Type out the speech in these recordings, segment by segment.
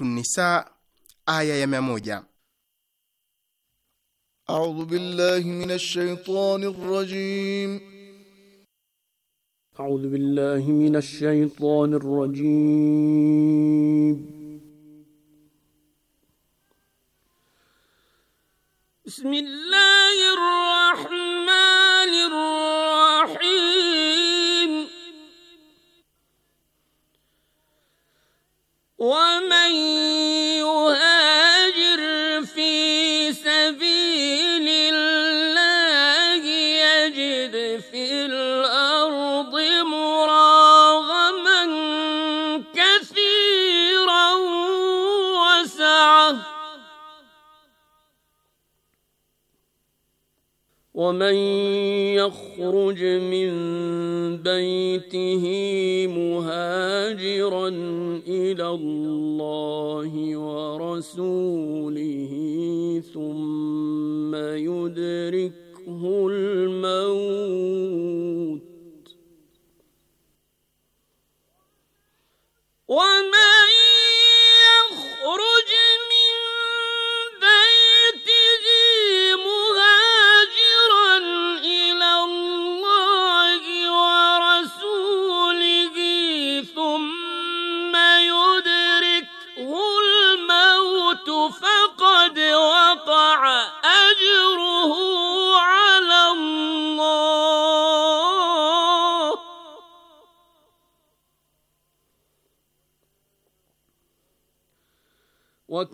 Suratu Nisa aya ya mia moja. A'udhu billahi minash shaitanir rajim. A'udhu billahi minash shaitanir rajim. بسم في الأرض مراغما كثيرا وسعة ومن يخرج من بيته مهاجرا إلى الله ورسوله ثم يدرك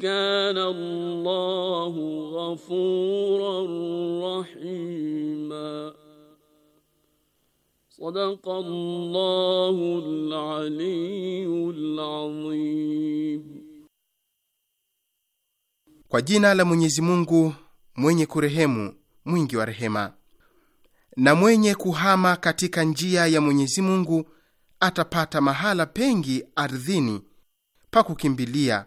kana Allahu ghafuran rahima. Sadaqa Allahul Aliyyul Azim. Kwa jina la Mwenyezi Mungu mwenye kurehemu mwingi wa rehema. Na mwenye kuhama katika njia ya Mwenyezi Mungu atapata mahala pengi ardhini pa kukimbilia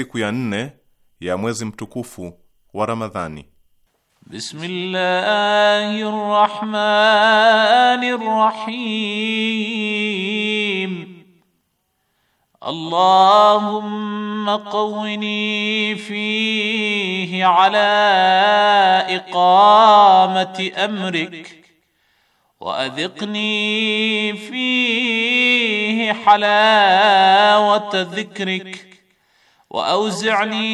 siku ya nne ya mwezi mtukufu wa Ramadhani. Bismillahirrahmanirrahim. Rahmanir Rahim. Allahumma qawwini fihi ala iqamati amrik وأذقني فيه حلاوة ذكرك واوزعني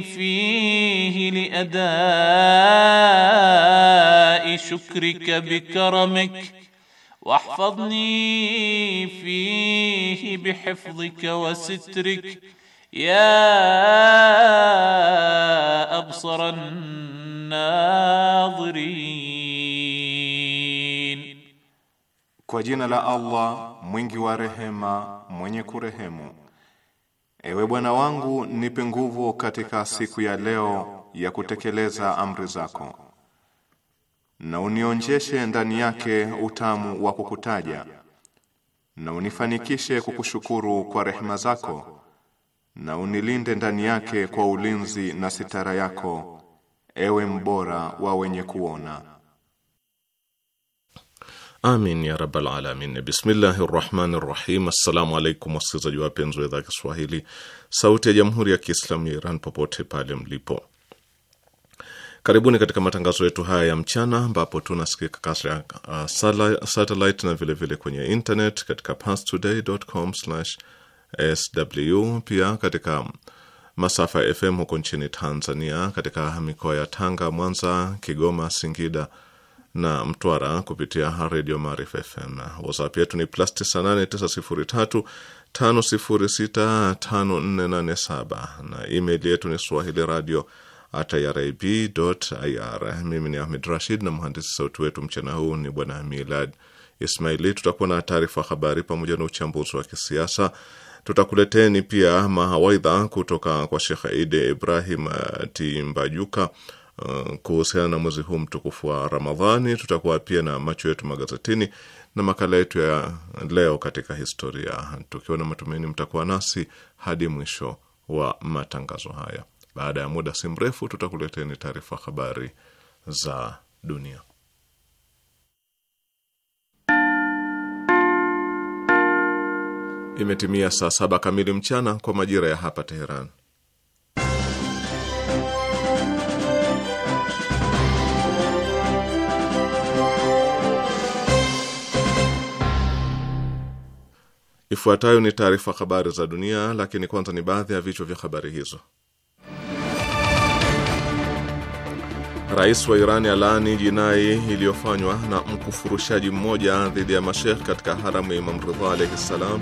فيه لاداء شكرك بكرمك واحفظني فيه بحفظك وسترك يا ابصر الناظرين kwa jina la allah mwingi wa rehema mwenye kurehemu Ewe Bwana wangu, nipe nguvu katika siku ya leo ya kutekeleza amri zako, na unionjeshe ndani yake utamu wa kukutaja, na unifanikishe kukushukuru kwa rehema zako, na unilinde ndani yake kwa ulinzi na sitara yako, ewe mbora wa wenye kuona. Amin ya rabbal alamin. Bismillahi rahmani rahim. Assalamu alaikum wasikilizaji wapenzi wa idhaa ya Kiswahili sauti ya jamhuri ya Kiislamu ya Iran popote pale mlipo, karibuni katika matangazo yetu haya ya mchana ambapo tunasikika ya uh, satelit na vilevile vile kwenye internet katika pastoday.com sw pia katika masafa ya FM huko nchini Tanzania katika mikoa ya Tanga, Mwanza, Kigoma, Singida na Mtwara kupitia redio Maarifa FM. WhatsApp yetu ni plus 989035065487 na email yetu ni swahili radio irib.ir. Mimi ni Ahmed Rashid na mhandisi sauti wetu mchana huu ni Bwana Milad Ismaili. Tutakuwa na taarifa habari pamoja na uchambuzi wa kisiasa. Tutakuleteni pia mawaidha kutoka kwa Shekh Idi Ibrahim Timbajuka Uh, kuhusiana na mwezi huu mtukufu wa Ramadhani. Tutakuwa pia na macho yetu magazetini na makala yetu ya leo katika historia, tukiwa na matumaini mtakuwa nasi hadi mwisho wa matangazo haya. Baada ya muda si mrefu, tutakuleteni taarifa habari za dunia. Imetimia saa saba kamili mchana kwa majira ya hapa Teheran. Ifuatayo ni taarifa habari za dunia, lakini kwanza ni baadhi ya vichwa vya habari hizo. Rais wa Irani alaani jinai iliyofanywa na mkufurushaji mmoja dhidi ya mashekh katika haramu ya Imam Ridha alaihi ssalam.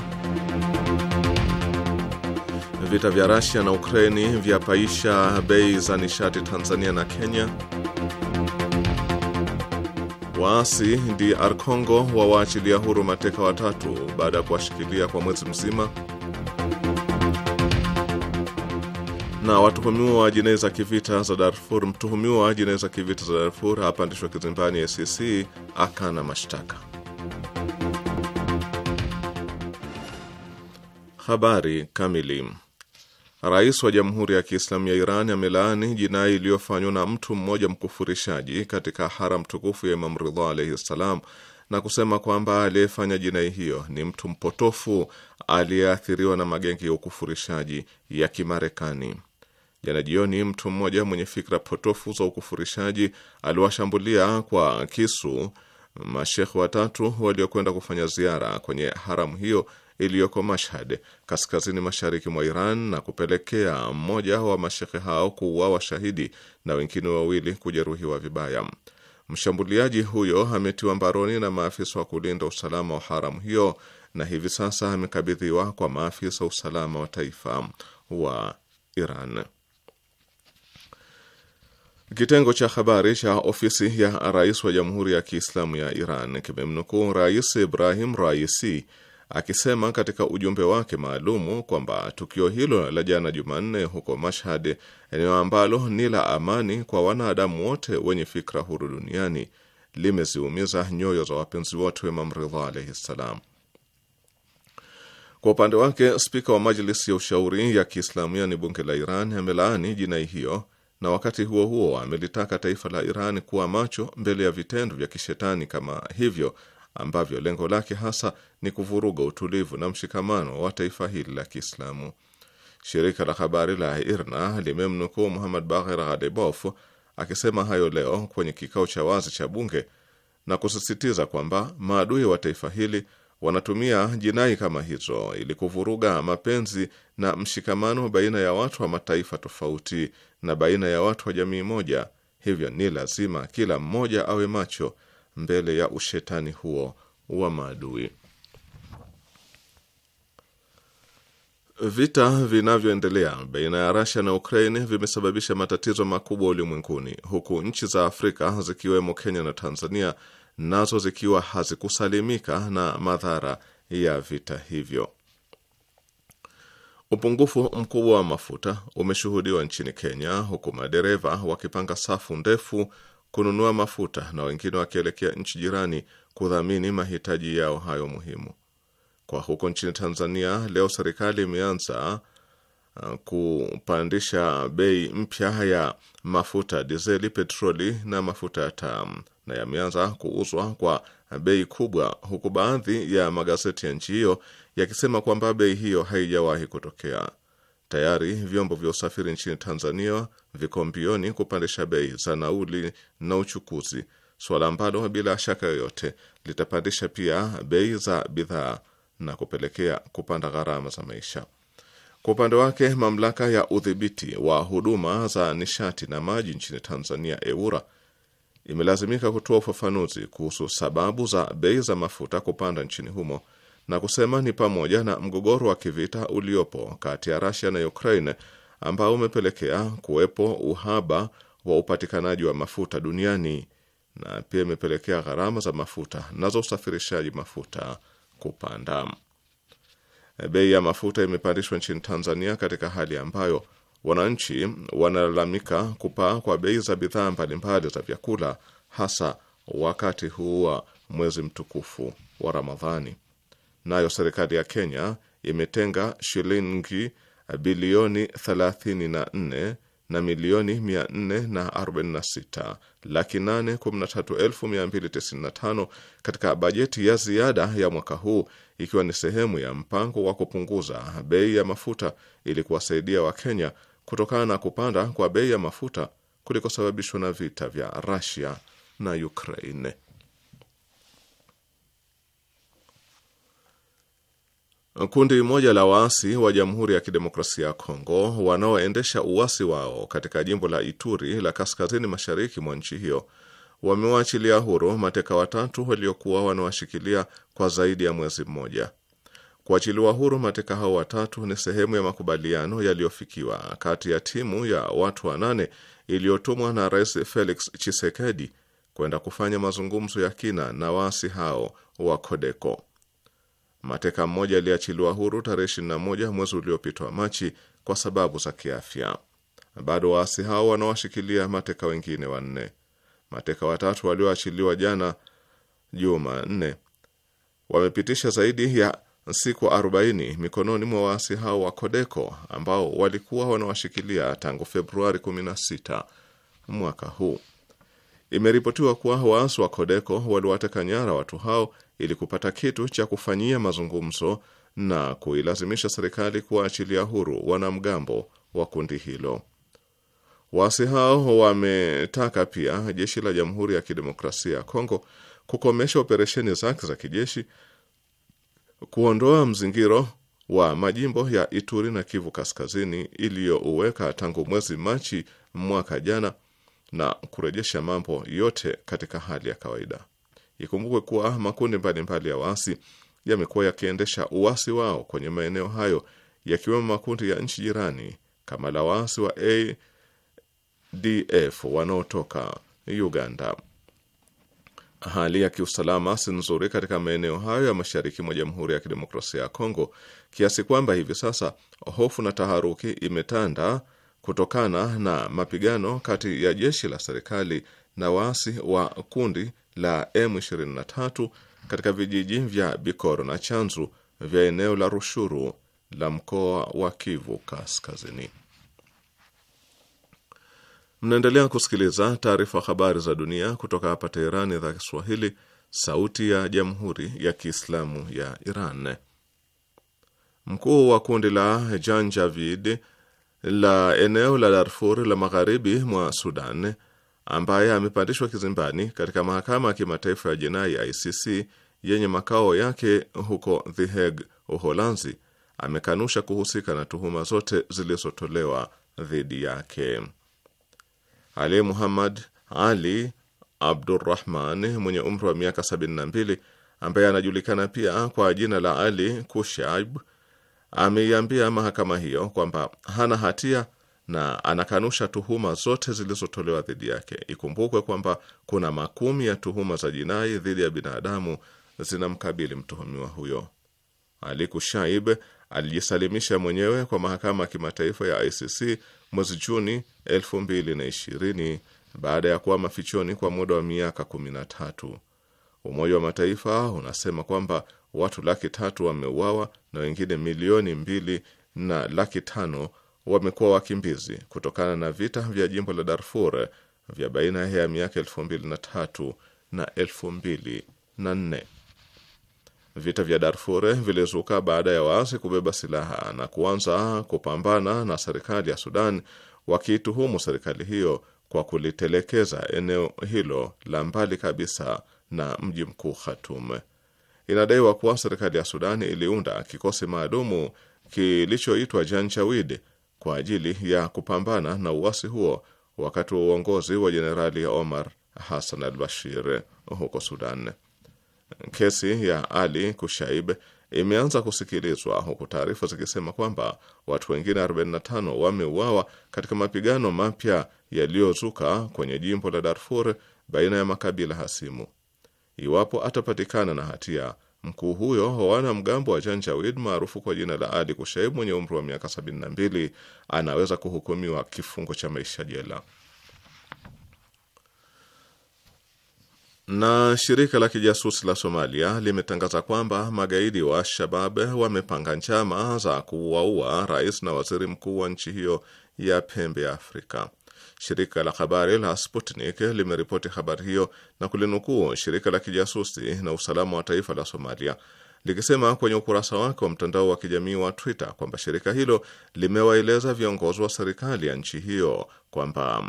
Vita vya Rasia na Ukraini vyapaisha bei za nishati Tanzania na Kenya. Waasi DR Congo wawaachilia huru mateka watatu baada ya kuwashikilia kwa mwezi mzima. Na watuhumiwa wa jinai za kivita za Darfur, mtuhumiwa wa jinai za kivita za Darfur apandishwa kizimbani ACC akana mashtaka. Habari kamili Rais wa Jamhuri ya Kiislamu ya Iran amelaani jinai iliyofanywa na mtu mmoja mkufurishaji katika haram tukufu ya Imam Ridha alaihi ssalam, na kusema kwamba aliyefanya jinai hiyo ni mtu mpotofu aliyeathiriwa na magengi ya ukufurishaji ya Kimarekani. Jana jioni, mtu mmoja mwenye fikra potofu za ukufurishaji aliwashambulia kwa kisu mashekhe watatu waliokwenda kufanya ziara kwenye haramu hiyo iliyoko Mashhad, kaskazini mashariki mwa Iran, na kupelekea mmoja wa mashehe hao kuuawa shahidi na wengine wawili kujeruhiwa vibaya. Mshambuliaji huyo ametiwa mbaroni na maafisa wa kulinda usalama wa haramu hiyo na hivi sasa amekabidhiwa kwa maafisa usalama wa taifa wa Iran. Kitengo cha habari cha ofisi ya rais wa Jamhuri ya Kiislamu ya Iran kimemnukuu Rais Ibrahim Raisi akisema katika ujumbe wake maalumu kwamba tukio hilo la jana Jumanne huko Mashhad, eneo ambalo ni la amani kwa wanadamu wote wenye fikra huru duniani, limeziumiza nyoyo za wapenzi wote wa Imam Ridha alaihi ssalam. Kwa upande wake, spika wa Majlisi ya Ushauri ya Kiislamu, yani bunge la Iran, amelaani jinai hiyo na wakati huo huo amelitaka taifa la Iran kuwa macho mbele ya vitendo vya kishetani kama hivyo ambavyo lengo lake hasa ni kuvuruga utulivu na mshikamano wa taifa hili la Kiislamu. Shirika la habari la IRNA limemnukuu Muhammad Bagher Ghadebof akisema hayo leo kwenye kikao cha wazi cha bunge na kusisitiza kwamba maadui wa taifa hili wanatumia jinai kama hizo ili kuvuruga mapenzi na mshikamano baina ya watu wa mataifa tofauti na baina ya watu wa jamii moja. Hivyo ni lazima kila mmoja awe macho mbele ya ushetani huo wa maadui. Vita vinavyoendelea baina ya rasia na Ukraine vimesababisha matatizo makubwa ulimwenguni, huku nchi za Afrika zikiwemo Kenya na Tanzania nazo zikiwa hazikusalimika na madhara ya vita hivyo. Upungufu mkubwa wa mafuta umeshuhudiwa nchini Kenya, huku madereva wakipanga safu ndefu kununua mafuta na wengine wakielekea nchi jirani kudhamini mahitaji yao hayo muhimu. Kwa huko nchini Tanzania leo, serikali imeanza uh, kupandisha bei mpya ya mafuta dizeli, petroli na mafuta ya taa, na yameanza kuuzwa kwa bei kubwa, huku baadhi ya magazeti ya nchi hiyo yakisema kwamba bei hiyo haijawahi kutokea. Tayari vyombo vya usafiri nchini Tanzania viko mbioni kupandisha bei za nauli na uchukuzi, suala ambalo bila shaka yoyote litapandisha pia bei za bidhaa na kupelekea kupanda gharama za maisha. Kwa upande wake, mamlaka ya udhibiti wa huduma za nishati na maji nchini Tanzania, EWURA, imelazimika kutoa ufafanuzi kuhusu sababu za bei za mafuta kupanda nchini humo na kusema ni pamoja na mgogoro wa kivita uliopo kati ya Russia na Ukraine ambao umepelekea kuwepo uhaba wa upatikanaji wa mafuta duniani na pia imepelekea gharama za mafuta na za usafirishaji mafuta kupanda. Bei ya mafuta imepandishwa nchini Tanzania katika hali ambayo wananchi wanalalamika kupaa kwa bei za bidhaa mbalimbali za vyakula hasa wakati huu wa mwezi mtukufu wa Ramadhani. Nayo serikali ya Kenya imetenga shilingi bilioni 34 na milioni 446 laki 813,295 katika bajeti ya ziada ya mwaka huu ikiwa ni sehemu ya mpango wa kupunguza bei ya mafuta ili kuwasaidia Wakenya kutokana na kupanda kwa bei ya mafuta kulikosababishwa na vita vya Russia na Ukraine. Kundi moja la waasi wa Jamhuri ya Kidemokrasia ya Kongo wanaoendesha uasi wao katika jimbo la Ituri la kaskazini mashariki mwa nchi hiyo wamewaachilia huru mateka watatu waliokuwa wanawashikilia kwa zaidi ya mwezi mmoja. Kuachiliwa huru mateka hao watatu ni sehemu ya makubaliano yaliyofikiwa kati ya timu ya watu wanane iliyotumwa na Rais Felix Tshisekedi kwenda kufanya mazungumzo ya kina na waasi hao wa Kodeko. Mateka mmoja aliachiliwa huru tarehe 21 mwezi uliopita wa Machi kwa sababu za kiafya. Bado waasi hao wanawashikilia mateka wengine wanne. Mateka watatu walioachiliwa jana Jumanne wamepitisha zaidi ya siku 40 mikononi mwa waasi hao wa Kodeko ambao walikuwa wanawashikilia tangu Februari 16 mwaka huu. Imeripotiwa kuwa waasi wa Kodeko waliwateka nyara watu hao ili kupata kitu cha kufanyia mazungumzo na kuilazimisha serikali kuwaachilia huru wanamgambo wa kundi hilo. Waasi hao wametaka pia jeshi la Jamhuri ya Kidemokrasia ya Kongo kukomesha operesheni zake za kijeshi, kuondoa mzingiro wa majimbo ya Ituri na Kivu Kaskazini iliyouweka tangu mwezi Machi mwaka jana na kurejesha mambo yote katika hali ya kawaida. Ikumbukwe kuwa makundi mbalimbali ya waasi yamekuwa yakiendesha uasi wao kwenye maeneo hayo yakiwemo makundi ya nchi jirani kama la waasi wa ADF wanaotoka Uganda. Hali ya kiusalama si nzuri katika maeneo hayo ya mashariki mwa Jamhuri ya Kidemokrasia ya Kongo kiasi kwamba hivi sasa hofu na taharuki imetanda kutokana na mapigano kati ya jeshi la serikali na waasi wa kundi la M23 katika vijiji vya Bikoro na Chanzu vya eneo la Rushuru la mkoa wa Kivu Kaskazini. Mnaendelea kusikiliza taarifa habari za dunia kutoka hapa Teherani, idhaa Kiswahili, sauti ya jamhuri ya kiislamu ya Iran. Mkuu wa kundi la Janjavid la eneo la Darfur la magharibi mwa Sudan ambaye amepandishwa kizimbani katika mahakama ya kimataifa ya jinai ICC yenye makao yake huko The Hague, Uholanzi, amekanusha kuhusika na tuhuma zote zilizotolewa dhidi yake. Ali Muhammad Ali Abdurrahman mwenye umri wa miaka 72 ambaye anajulikana pia kwa jina la Ali Kushaib ameiambia mahakama hiyo kwamba hana hatia na anakanusha tuhuma zote zilizotolewa dhidi yake. Ikumbukwe kwamba kuna makumi ya tuhuma za jinai dhidi ya binadamu zinamkabili mtuhumiwa huyo. Aliku Shaib alijisalimisha mwenyewe kwa mahakama ya kimataifa ya ICC mwezi Juni 2020 baada ya kuwa mafichoni kwa muda wa miaka 13. Umoja wa Mataifa unasema kwamba watu laki tatu wameuawa na wengine milioni mbili na laki tano wamekuwa wakimbizi kutokana na vita vya jimbo la Darfur vya baina ya miaka elfu mbili na tatu na elfu mbili na nne. Vita vya Darfur vilizuka baada ya waasi kubeba silaha na kuanza kupambana na serikali ya Sudan, wakiituhumu serikali hiyo kwa kulitelekeza eneo hilo la mbali kabisa na mji mkuu Khartoum. Inadaiwa kuwa serikali ya Sudan iliunda kikosi maalumu kilichoitwa Janjawid kwa ajili ya kupambana na uasi huo wakati wa uongozi wa Jenerali Omar Hassan al Bashir huko Sudan. Kesi ya Ali Kushaib imeanza kusikilizwa huku taarifa zikisema kwamba watu wengine 45 wameuawa katika mapigano mapya yaliyozuka kwenye jimbo la Darfur baina ya makabila hasimu. Iwapo atapatikana na hatia Mkuu huyo wa wanamgambo wa Janjawid maarufu kwa jina la Ali Kushaib mwenye umri wa miaka 72 anaweza kuhukumiwa kifungo cha maisha jela. Na shirika la kijasusi la Somalia limetangaza kwamba magaidi wa Al-Shabab wamepanga njama za kuuaua rais na waziri mkuu wa nchi hiyo ya pembe ya Afrika. Shirika la habari la Sputnik limeripoti habari hiyo na kulinukuu shirika la kijasusi na usalama wa taifa la Somalia likisema kwenye ukurasa wake wa mtandao wa kijamii wa Twitter kwamba shirika hilo limewaeleza viongozi wa serikali ya nchi hiyo kwamba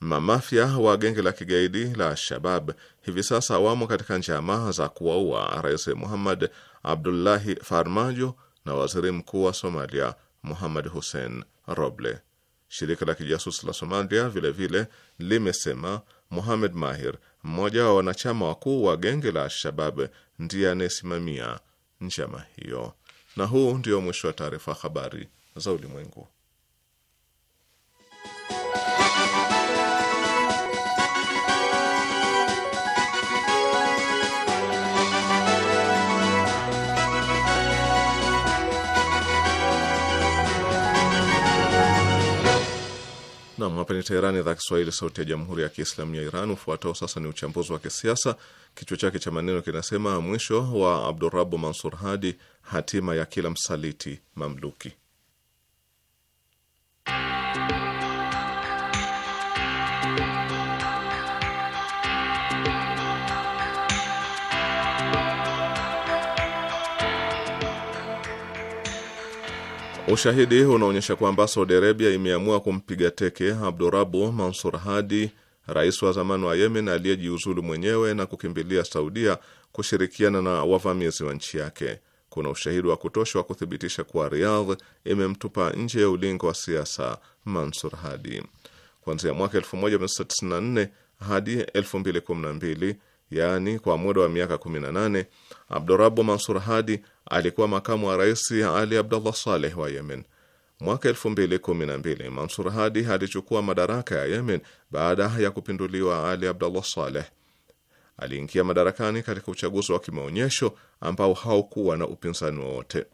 mamafia wa genge la kigaidi la Shabab hivi sasa wamo katika njama za kuwaua Rais Muhammad Abdullahi Farmajo na waziri mkuu wa Somalia Muhammad Hussein Roble Shirika la kijasusi la Somalia vilevile limesema Mohamed Mahir, mmoja wa wanachama wakuu wa genge la Al-Shabab, ndiye anayesimamia njama hiyo. Na huu ndio mwisho wa taarifa habari za ulimwengu. Nam, hapa ni Teherani, idhaa Kiswahili, sauti ya jamhuri ya kiislamu ya Iran. Ufuatao sasa ni uchambuzi wa kisiasa, kichwa chake cha maneno kinasema mwisho wa Abdurabu Mansur Hadi, hatima ya kila msaliti mamluki. Ushahidi unaonyesha kwamba Saudi Arabia imeamua kumpiga teke Abdurabu Mansur Hadi, rais wa zamani wa Yemen aliyejiuzulu mwenyewe na kukimbilia Saudia kushirikiana na wavamizi wa nchi yake. Kuna ushahidi wa kutosha wa kuthibitisha kuwa Riyadh imemtupa nje ya ulingo wa siasa Mansur Hadi. Kuanzia mwaka 1994 hadi 2012 yaani kwa muda wa miaka 18, Abdurabu Mansur Hadi alikuwa makamu wa rais Ali Abdullah Saleh wa Yemen. Mwaka 2012 Mansur Hadi alichukua madaraka ya Yemen baada ya kupinduliwa Ali Abdullah Saleh. Aliingia madarakani katika uchaguzi wa kimaonyesho ambao haukuwa na upinzani wowote.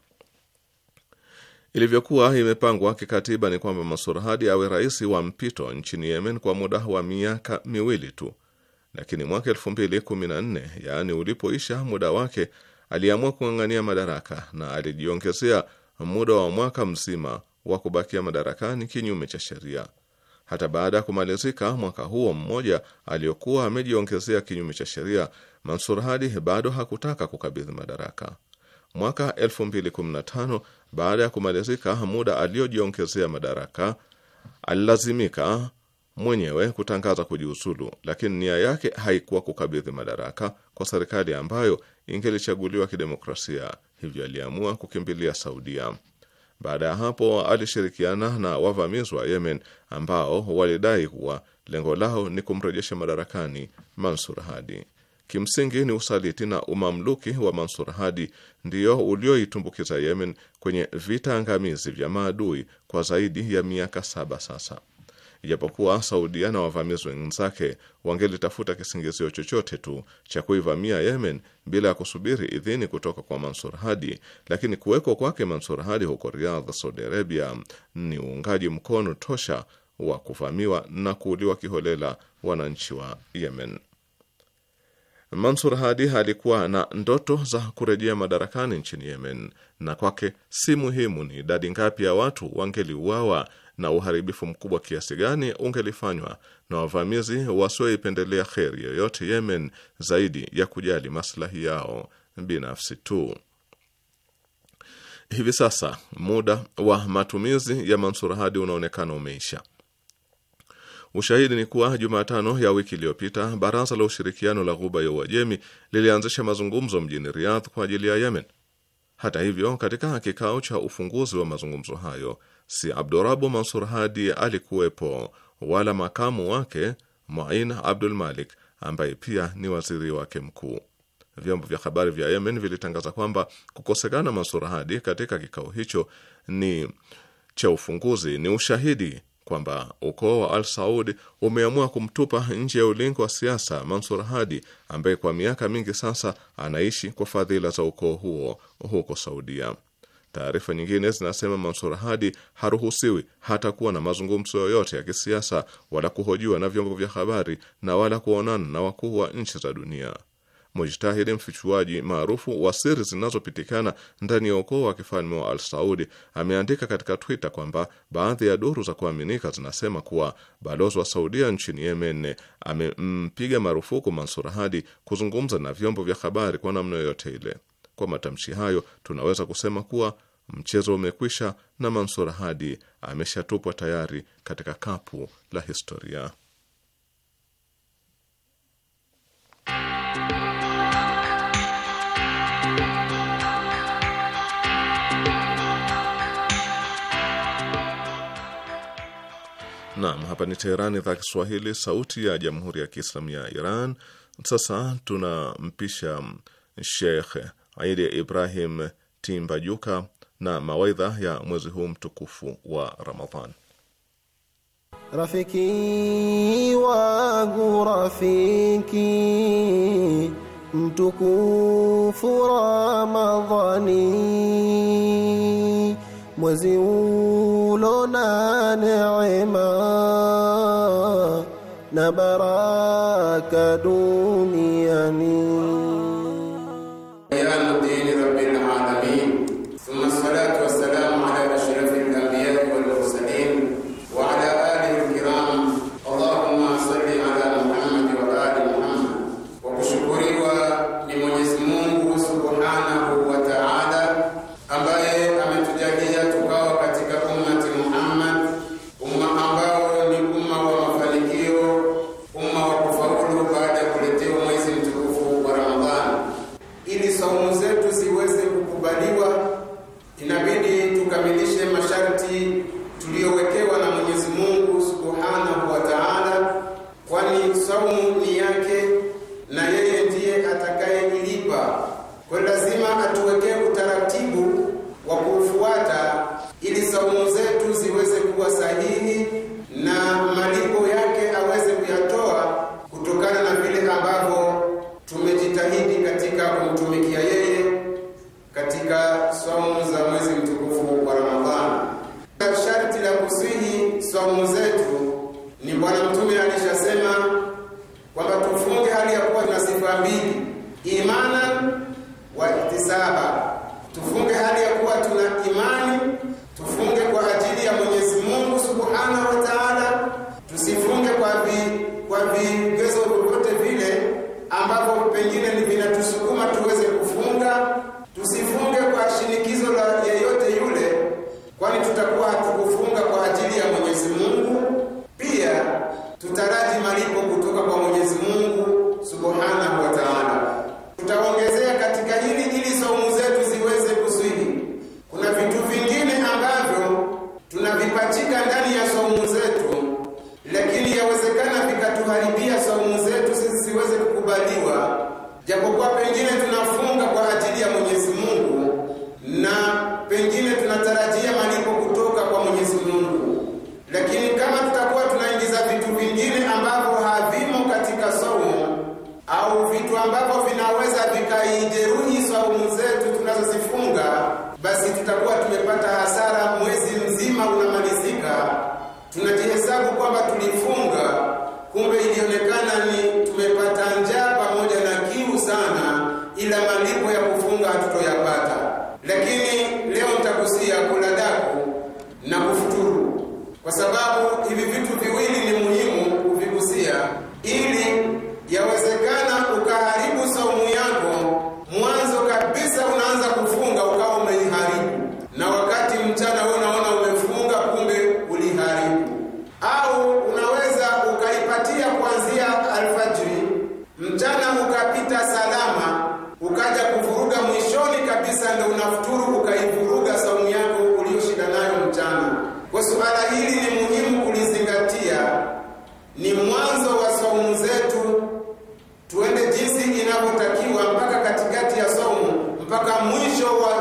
Ilivyokuwa imepangwa kikatiba ni kwamba Mansur Hadi awe rais wa mpito nchini Yemen kwa muda wa miaka miwili tu lakini mwaka nne yaani ulipoisha muda wake, aliamua kung'ang'ania madaraka na alijiongezea muda wa mwaka mzima wa kubakia madarakani kinyume cha sheria. Hata baada ya kumalizika mwaka huo mmoja aliyokuwa amejiongezea kinyume cha sheria, Mansur Hadi bado hakutaka kukabidhi madaraka. Mwaka 2015 baada ya kumalizika muda aliyojiongezea madaraka, alilazimika mwenyewe kutangaza kujiuzulu, lakini nia yake haikuwa kukabidhi madaraka kwa serikali ambayo ingelichaguliwa kidemokrasia, hivyo aliamua kukimbilia Saudia. Baada ya hapo alishirikiana na wavamizi wa Yemen ambao walidai kuwa lengo lao ni kumrejesha madarakani Mansur Hadi. Kimsingi ni usaliti na umamluki wa Mansur Hadi ndiyo ulioitumbukiza Yemen kwenye vita angamizi vya maadui kwa zaidi ya miaka saba sasa ijapokuwa Saudia na wavamizi wenzake wangelitafuta kisingizio chochote tu cha kuivamia Yemen bila ya kusubiri idhini kutoka kwa Mansur Hadi, lakini kuwekwa kwake Mansur Hadi huko Riyadh, Saudi Arabia, ni uungaji mkono tosha wa kuvamiwa na kuuliwa kiholela wananchi wa Yemen. Mansur Hadi alikuwa na ndoto za kurejea madarakani nchini Yemen, na kwake si muhimu ni idadi ngapi ya watu wangeliuawa na uharibifu mkubwa kiasi gani ungelifanywa na wavamizi wasioipendelea kheri yoyote Yemen zaidi ya kujali maslahi yao binafsi tu. Hivi sasa muda wa matumizi ya Mansur Hadi unaonekana umeisha. Ushahidi ni kuwa Jumatano ya wiki iliyopita baraza la ushirikiano la Ghuba ya Uajemi lilianzisha mazungumzo mjini Riyadh kwa ajili ya Yemen. Hata hivyo, katika kikao cha ufunguzi wa mazungumzo hayo si Abdurabu Mansur Hadi alikuwepo wala makamu wake Muin Abdul Malik ambaye pia ni waziri wake mkuu. Vyombo vya habari vya Yemen vilitangaza kwamba kukosekana Mansur Hadi katika kikao hicho ni cha ufunguzi, ni ushahidi kwamba ukoo wa Al Saud umeamua kumtupa nje ya ulingo wa siasa Mansur Hadi ambaye kwa miaka mingi sasa anaishi kwa fadhila za ukoo huo huko Saudia. Taarifa nyingine zinasema Mansur Hadi haruhusiwi hata kuwa na mazungumzo yoyote ya kisiasa wala kuhojiwa na vyombo vya habari na wala kuonana na wakuu wa nchi za dunia. Mujtahidi, mfichuaji maarufu wa siri zinazopitikana ndani ya ukoo wa kifalme wa Al Saudi, ameandika katika Twitter kwamba baadhi ya duru za kuaminika zinasema kuwa balozi wa Saudia nchini Yemen amempiga marufuku Mansur Hadi kuzungumza na vyombo vya habari kwa namna yoyote ile. Kwa matamshi hayo, tunaweza kusema kuwa mchezo umekwisha na Mansur Hadi ameshatupwa tayari katika kapu la historia. Naam, hapa ni Teherani, idhaa Kiswahili, sauti ya jamhuri ya kiislamu ya Iran. Sasa tunampisha Sheikh Idi Ibrahim Timbajuka na mawaidha ya mwezi huu mtukufu wa Ramadhan. Rafiki wangu rafiki mtukufu Ramadhani, mwezi ulo na neema na baraka duniani inavyotakiwa mpaka katikati ya somo mpaka mwisho wa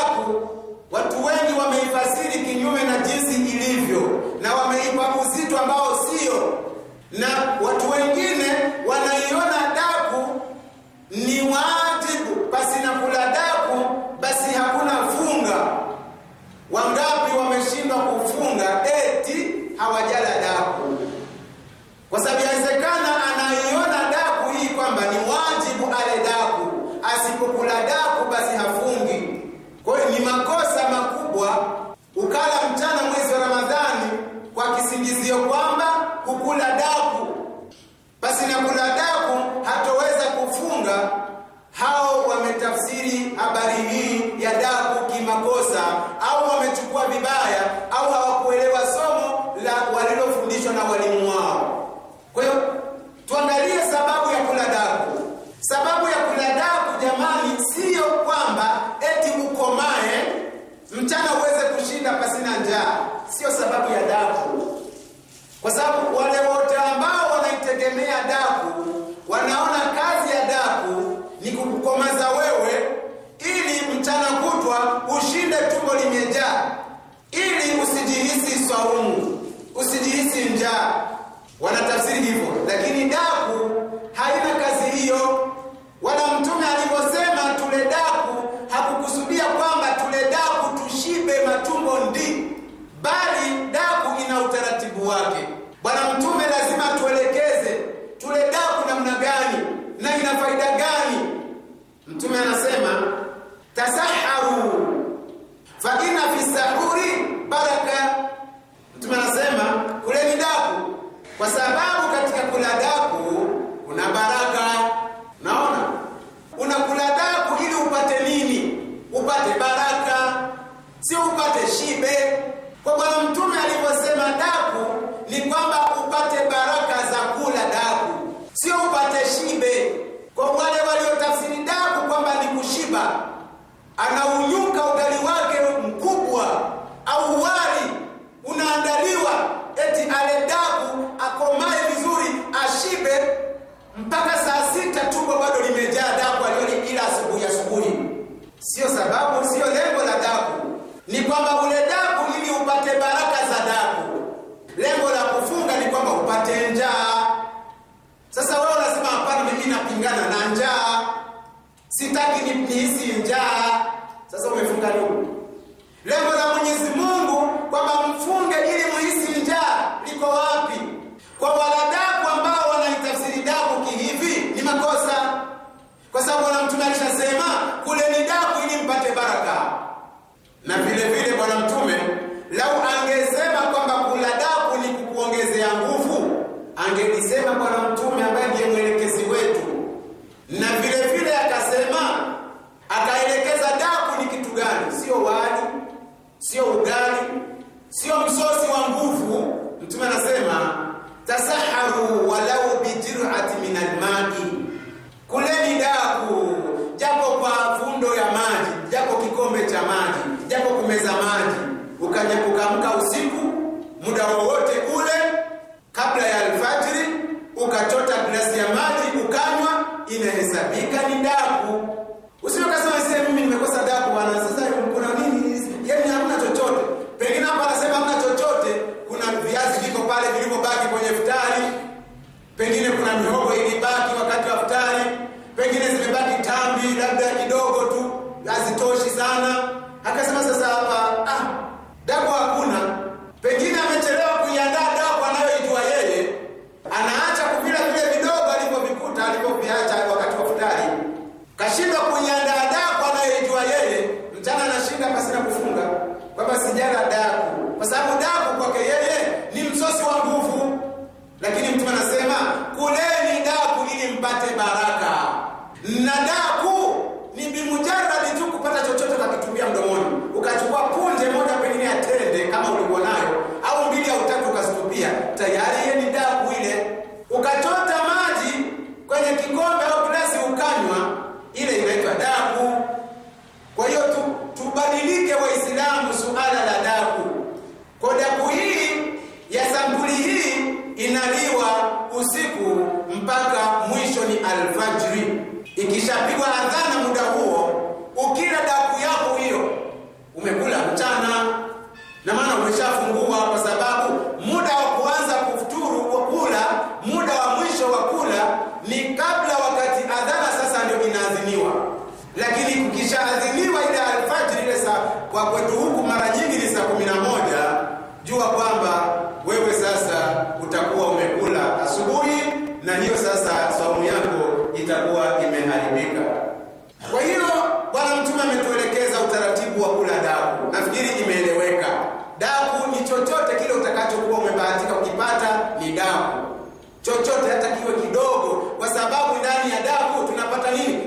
ajabu watu wengi wameifasiri kinyume na jinsi ilivyo na wame habari hii ya daku kimakosa au wamechukua vibaya au hawakuelewa somo la walilofundishwa na walimu wao. Kwa hiyo tuangalie sababu ya kula daku. Sababu ya kula daku jamani, siyo kwamba eti ukomae mchana uweze kushinda pasina njaa, sio sababu ya daku, kwa sababu wale wote ambao wanaitegemea daku wanaona kazi ya daku ni kukukomaza wewe mchana kutwa ushinde tumbo limejaa, ili usijihisi swaumu, usijihisi njaa. Wanatafsiri hivyo, lakini daku haina kazi hiyo, wala Mtume alivyosema tule daku hakukusudia kwamba tule daku tushibe matumbo ndi, bali daku ina utaratibu wake. Bwana Mtume lazima tuelekeze tule daku namna gani na ina faida gani. Mtume anasema tasaharu fa inna fi sahuri baraka. Mtume anasema kuleni dabu, kwa sababu katika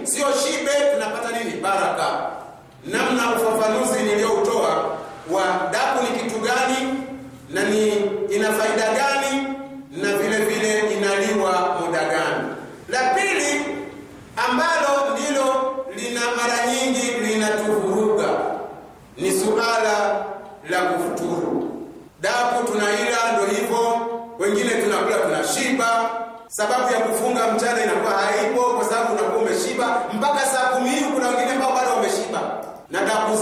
sio shibe, tunapata nini? Baraka. Namna ufafanuzi niliyoutoa wa daku ni kitu gani na ni ina faida gani na vile vile inaliwa muda gani. La pili ambalo ndilo lina mara nyingi linatuvuruga ni suala la kufuturu. Daku tunaila ndio hivyo, wengine tunakula tunashiba, sababu ya wameshiba mpaka saa kumi hii, kuna wengine ambao bado wameshiba na daku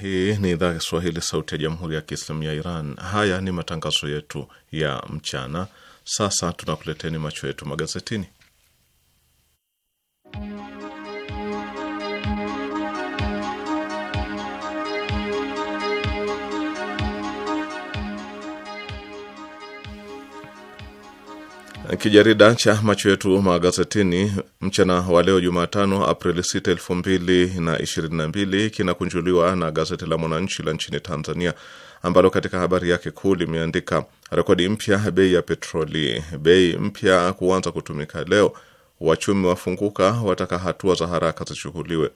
hii ni idhaa ya Kiswahili, sauti ya jamhuri ya kiislamu ya Iran. Haya ni matangazo yetu ya mchana. Sasa tunakuleteni macho yetu magazetini. Kijarida cha macho yetu magazetini mchana wa leo Jumatano, Aprili 6, 2022 kinakunjuliwa na gazeti la Mwananchi la nchini Tanzania, ambalo katika habari yake kuu limeandika rekodi mpya bei ya petroli, bei mpya kuanza kutumika leo, wachumi wafunguka, wataka hatua za haraka zichukuliwe.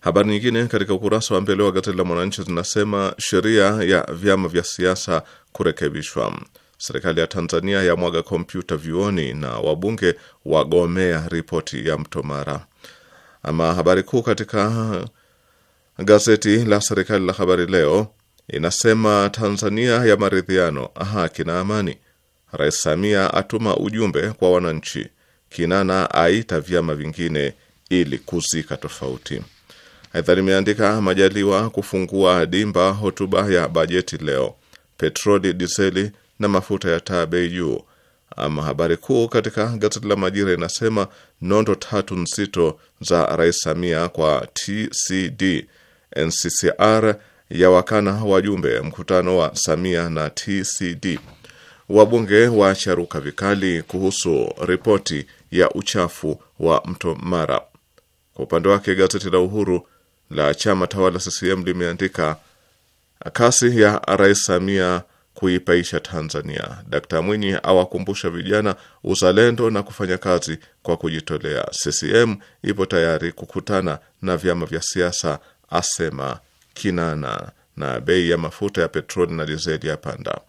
Habari nyingine katika ukurasa wa mbele wa gazeti la Mwananchi zinasema sheria ya vyama vya siasa kurekebishwa Serikali ya Tanzania yamwaga kompyuta vyuoni na wabunge wagomea ripoti ya Mto Mara. Ama habari kuu katika gazeti la serikali la Habari Leo inasema Tanzania ya maridhiano, haki na amani. Rais Samia atuma ujumbe kwa wananchi. Kinana aita vyama vingine ili kuzika tofauti. Aidha limeandika Majaliwa kufungua dimba hotuba ya bajeti leo. Petroli, diseli na mafuta ya taa bei juu. Ama habari kuu katika gazeti la Majira inasema nondo tatu nzito za Rais Samia kwa TCD. NCCR ya wakana wajumbe mkutano wa Samia na TCD. Wabunge wacharuka vikali kuhusu ripoti ya uchafu wa Mto Mara. Kwa upande wake gazeti la Uhuru la chama tawala CCM limeandika kasi ya Rais Samia kuipaisha Tanzania. Dkt Mwinyi awakumbusha vijana uzalendo na kufanya kazi kwa kujitolea. CCM ipo tayari kukutana na vyama vya siasa, asema Kinana. Na bei ya mafuta ya petroli na dizeli yapanda.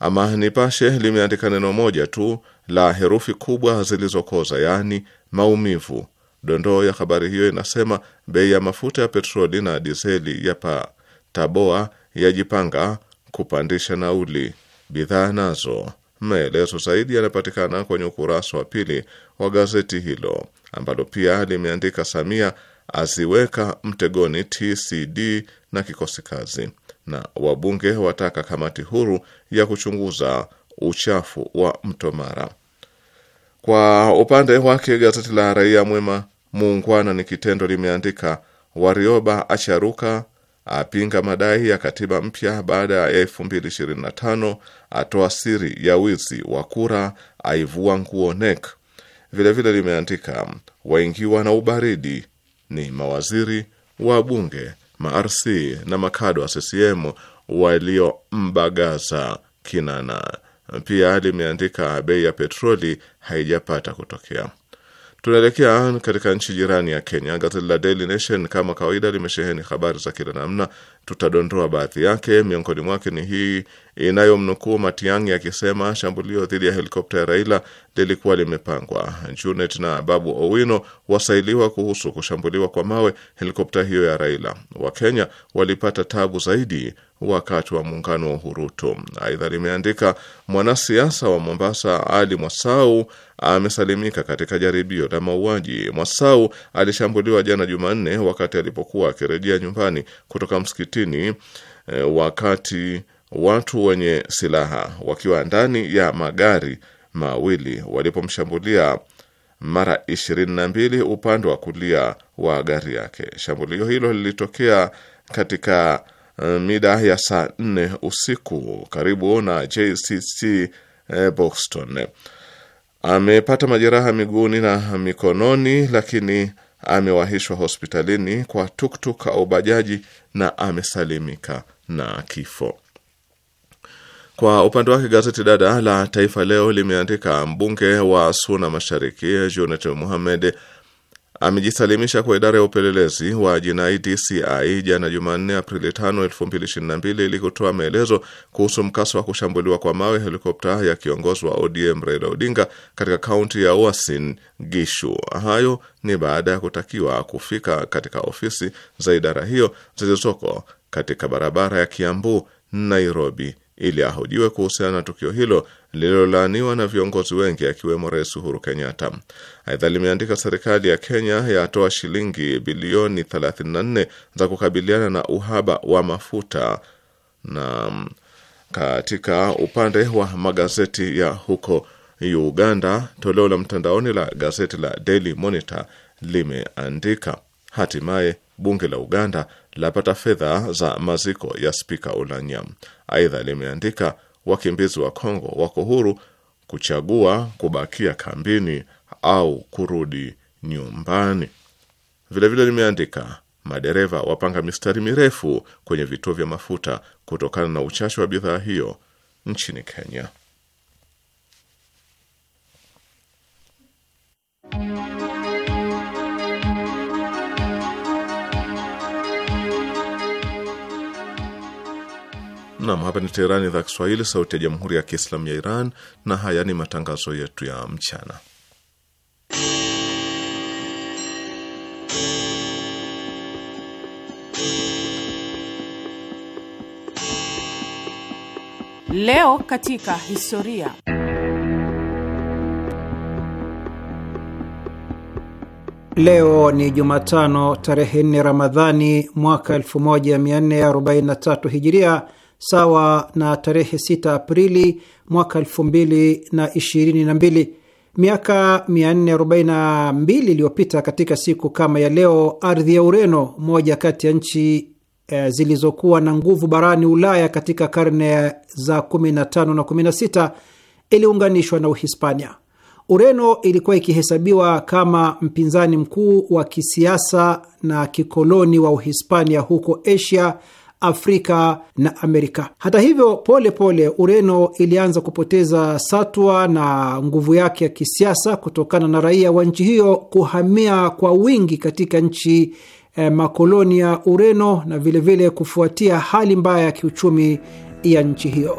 Ama Nipashe limeandika neno moja tu la herufi kubwa zilizokoza, yaani maumivu. Dondoo ya habari hiyo inasema bei ya mafuta ya petroli na dizeli yapataboa, yajipanga kupandisha nauli bidhaa nazo. Maelezo zaidi yanapatikana kwenye ukurasa wa pili wa gazeti hilo ambalo pia limeandika Samia aziweka mtegoni TCD na kikosi kazi, na wabunge wataka kamati huru ya kuchunguza uchafu wa mto Mara. Kwa upande wake gazeti la Raia Mwema Muungwana ni kitendo limeandika Warioba acharuka apinga madai ya katiba mpya baada ya 2025, atoa siri ya wizi wa kura, aivua nguo NEC. Vilevile limeandika waingiwa na ubaridi ni mawaziri wa bunge marc na makado wa CCM waliombagaza Kinana. Pia limeandika bei ya petroli haijapata kutokea. Tunaelekea katika nchi jirani ya Kenya. Gazeti la Daily Nation kama kawaida limesheheni habari za kila namna tutadondoa baadhi yake. Miongoni mwake ni hii inayomnukuu Matiang'i akisema shambulio dhidi ya helikopta ya Raila lilikuwa limepangwa. Junet na Babu Owino wasailiwa kuhusu kushambuliwa kwa mawe helikopta hiyo ya Raila. Wakenya walipata tabu zaidi wakati wa muungano wa Uhurutu. Aidha limeandika mwanasiasa wa Mombasa Ali Mwasau amesalimika katika jaribio la mauaji. Mwasau alishambuliwa jana Jumanne wakati alipokuwa akirejea nyumbani kutoka msikiti Palestini e, eh, wakati watu wenye silaha wakiwa ndani ya magari mawili walipomshambulia mara 22 upande wa kulia wa gari yake. Shambulio hilo lilitokea katika eh, mida ya saa 4 usiku karibu na JCC eh, Boston. Amepata majeraha miguuni na mikononi, lakini amewahishwa hospitalini kwa tuktuk au bajaji na amesalimika na kifo. Kwa upande wake gazeti dada la Taifa Leo limeandika mbunge wa Suna Mashariki Junet Muhamed amejisalimisha kwa idara ya upelelezi wa jinai DCI jana Jumanne, Aprili 5, 2022 ili kutoa maelezo kuhusu mkasa wa kushambuliwa kwa mawe helikopta ya kiongozi wa ODM Raila Odinga katika kaunti ya Uasin Gishu. Hayo ni baada ya kutakiwa kufika katika ofisi za idara hiyo zilizoko katika barabara ya Kiambu, Nairobi ili ahojiwe kuhusiana na tukio hilo lililolaaniwa na viongozi wengi akiwemo Rais Uhuru Kenyatta. Aidha, limeandika serikali ya Kenya yatoa shilingi bilioni 34 za kukabiliana na uhaba wa mafuta. Na mm, katika upande wa magazeti ya huko Uganda, toleo la mtandaoni la gazeti la Daily Monitor limeandika hatimaye bunge la Uganda lapata fedha za maziko ya spika ulanyam Aidha limeandika wakimbizi wa Kongo wako huru kuchagua kubakia kambini au kurudi nyumbani. Vilevile limeandika madereva wapanga mistari mirefu kwenye vituo vya mafuta kutokana na uchache wa bidhaa hiyo nchini Kenya. Nam, hapa ni Teherani, idhaa Kiswahili, sauti ya jamhuri ya kiislamu ya Iran, na haya ni matangazo yetu ya mchana. Leo katika historia. Leo ni Jumatano tarehe 4 Ramadhani mwaka 1443 Hijiria, sawa na tarehe 6 Aprili mwaka 2022. Miaka 442 iliyopita katika siku kama ya leo, ardhi ya Ureno, moja kati ya nchi e, zilizokuwa na nguvu barani Ulaya katika karne za 15 na 16, iliunganishwa na Uhispania. Ureno ilikuwa ikihesabiwa kama mpinzani mkuu wa kisiasa na kikoloni wa Uhispania huko Asia Afrika na Amerika. Hata hivyo, pole pole Ureno ilianza kupoteza satwa na nguvu yake ya kisiasa kutokana na raia wa nchi hiyo kuhamia kwa wingi katika nchi eh, makoloni ya Ureno na vilevile vile kufuatia hali mbaya ya kiuchumi ya nchi hiyo.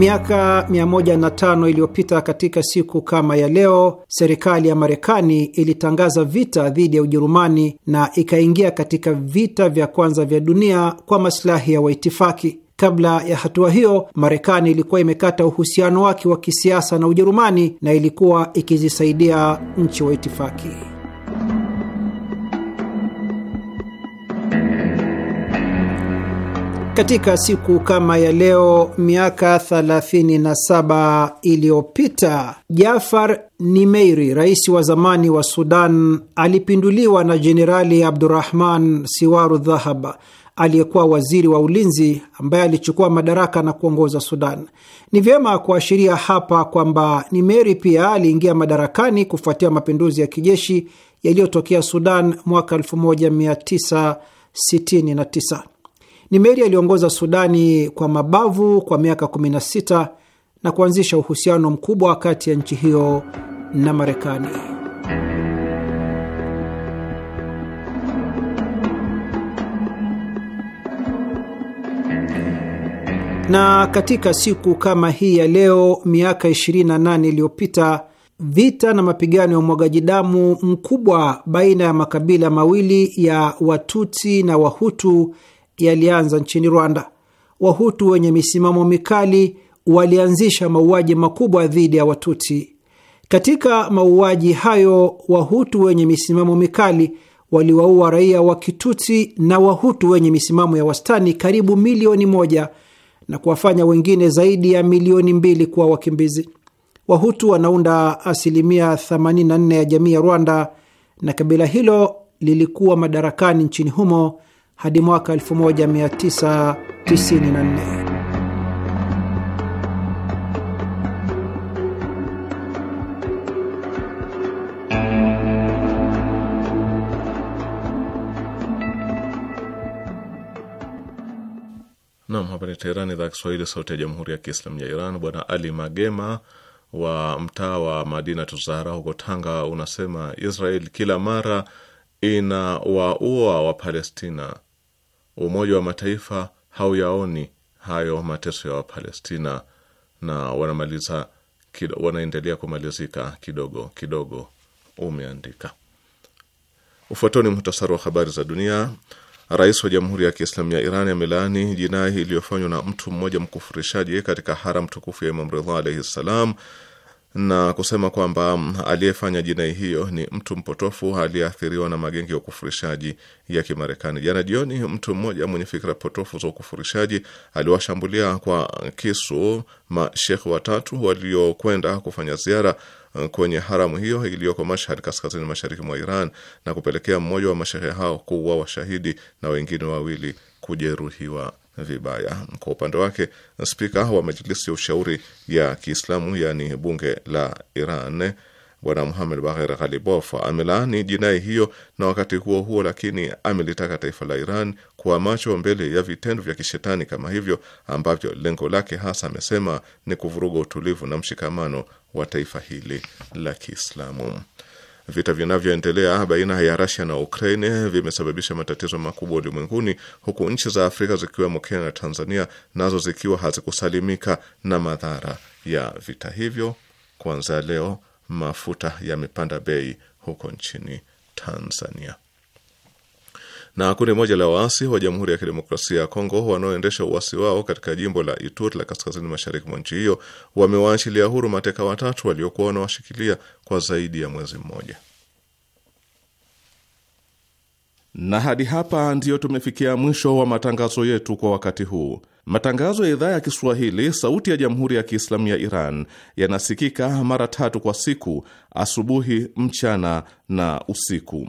Miaka 105 iliyopita katika siku kama ya leo, serikali ya Marekani ilitangaza vita dhidi ya Ujerumani na ikaingia katika vita vya kwanza vya dunia kwa masilahi ya waitifaki. Kabla ya hatua hiyo, Marekani ilikuwa imekata uhusiano wake wa kisiasa na Ujerumani na ilikuwa ikizisaidia nchi waitifaki. Katika siku kama ya leo miaka 37 iliyopita Jafar Nimeiri, rais wa zamani wa Sudan, alipinduliwa na Jenerali Abdurahman Siwaru Dhahab aliyekuwa waziri wa ulinzi ambaye alichukua madaraka na kuongoza Sudan. Ni vyema kuashiria hapa kwamba Nimeri pia aliingia madarakani kufuatia mapinduzi ya kijeshi yaliyotokea Sudan mwaka 1969 ni meri aliongoza Sudani kwa mabavu kwa miaka 16 na kuanzisha uhusiano mkubwa kati ya nchi hiyo na Marekani. Na katika siku kama hii ya leo miaka 28 iliyopita vita na mapigano ya umwagaji damu mkubwa baina ya makabila mawili ya Watuti na Wahutu yalianza nchini Rwanda. Wahutu wenye misimamo mikali walianzisha mauaji makubwa dhidi ya Watuti. Katika mauaji hayo, Wahutu wenye misimamo mikali waliwaua raia wa kituti na Wahutu wenye misimamo ya wastani karibu milioni moja na kuwafanya wengine zaidi ya milioni mbili kuwa wakimbizi. Wahutu wanaunda asilimia 84 ya jamii ya Rwanda na kabila hilo lilikuwa madarakani nchini humo hadi mwaka 1994. Nam, hapa ni Teherani, idhaa ya Kiswahili, sauti ya jamhuri ya kiislamu ya Iran. Bwana Ali Magema wa mtaa wa Madina Tuzahara huko Tanga unasema Israel kila mara inawaua Wapalestina Umoja wa Mataifa hauyaoni hayo mateso ya Wapalestina na wanamaliza kido, wanaendelea kumalizika kidogo kidogo, umeandika. Ufuatao ni muhtasari wa habari za dunia. Rais wa Jamhuri ya Kiislamu ya Iran amelaani jinai iliyofanywa na mtu mmoja mkufurishaji katika haram tukufu ya Imam Ridha alaihi ssalam na kusema kwamba mm, aliyefanya jinai hiyo ni mtu mpotofu aliyeathiriwa na magenge ya ukufurishaji ya Kimarekani. Jana jioni, mtu mmoja mwenye fikra potofu za ukufurishaji aliwashambulia kwa kisu mashekhe watatu waliokwenda kufanya ziara mm, kwenye haramu hiyo iliyoko Mashhad, kaskazini mashariki mwa Iran, na kupelekea mmoja wa mashehe hao kuuawa shahidi na wengine wawili kujeruhiwa vibaya. Kwa upande wake, spika wa majilisi ya ushauri ya Kiislamu yaani bunge la Iran Bwana Muhamed Bagher Ghalibof amelaani jinai hiyo, na wakati huo huo lakini amelitaka taifa la Iran kuwa macho mbele ya vitendo vya kishetani kama hivyo ambavyo lengo lake hasa, amesema, ni kuvuruga utulivu na mshikamano wa taifa hili la Kiislamu. Vita vinavyoendelea baina ya rasia na Ukraine vimesababisha matatizo makubwa ulimwenguni, huku nchi za Afrika zikiwemo Kenya na Tanzania nazo zikiwa hazikusalimika na madhara ya vita hivyo. Kuanzia leo mafuta yamepanda bei huko nchini Tanzania na kundi moja la waasi wa Jamhuri ya Kidemokrasia ya Kongo wanaoendesha uasi wao katika jimbo la Ituri la kaskazini mashariki mwa nchi hiyo wamewaachilia huru mateka watatu waliokuwa wanawashikilia kwa zaidi ya mwezi mmoja. Na hadi hapa ndiyo tumefikia mwisho wa matangazo yetu kwa wakati huu. Matangazo ya idhaa ya Kiswahili sauti ya Jamhuri ya Kiislamu ya Iran yanasikika mara tatu kwa siku: asubuhi, mchana na usiku.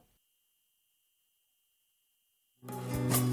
Música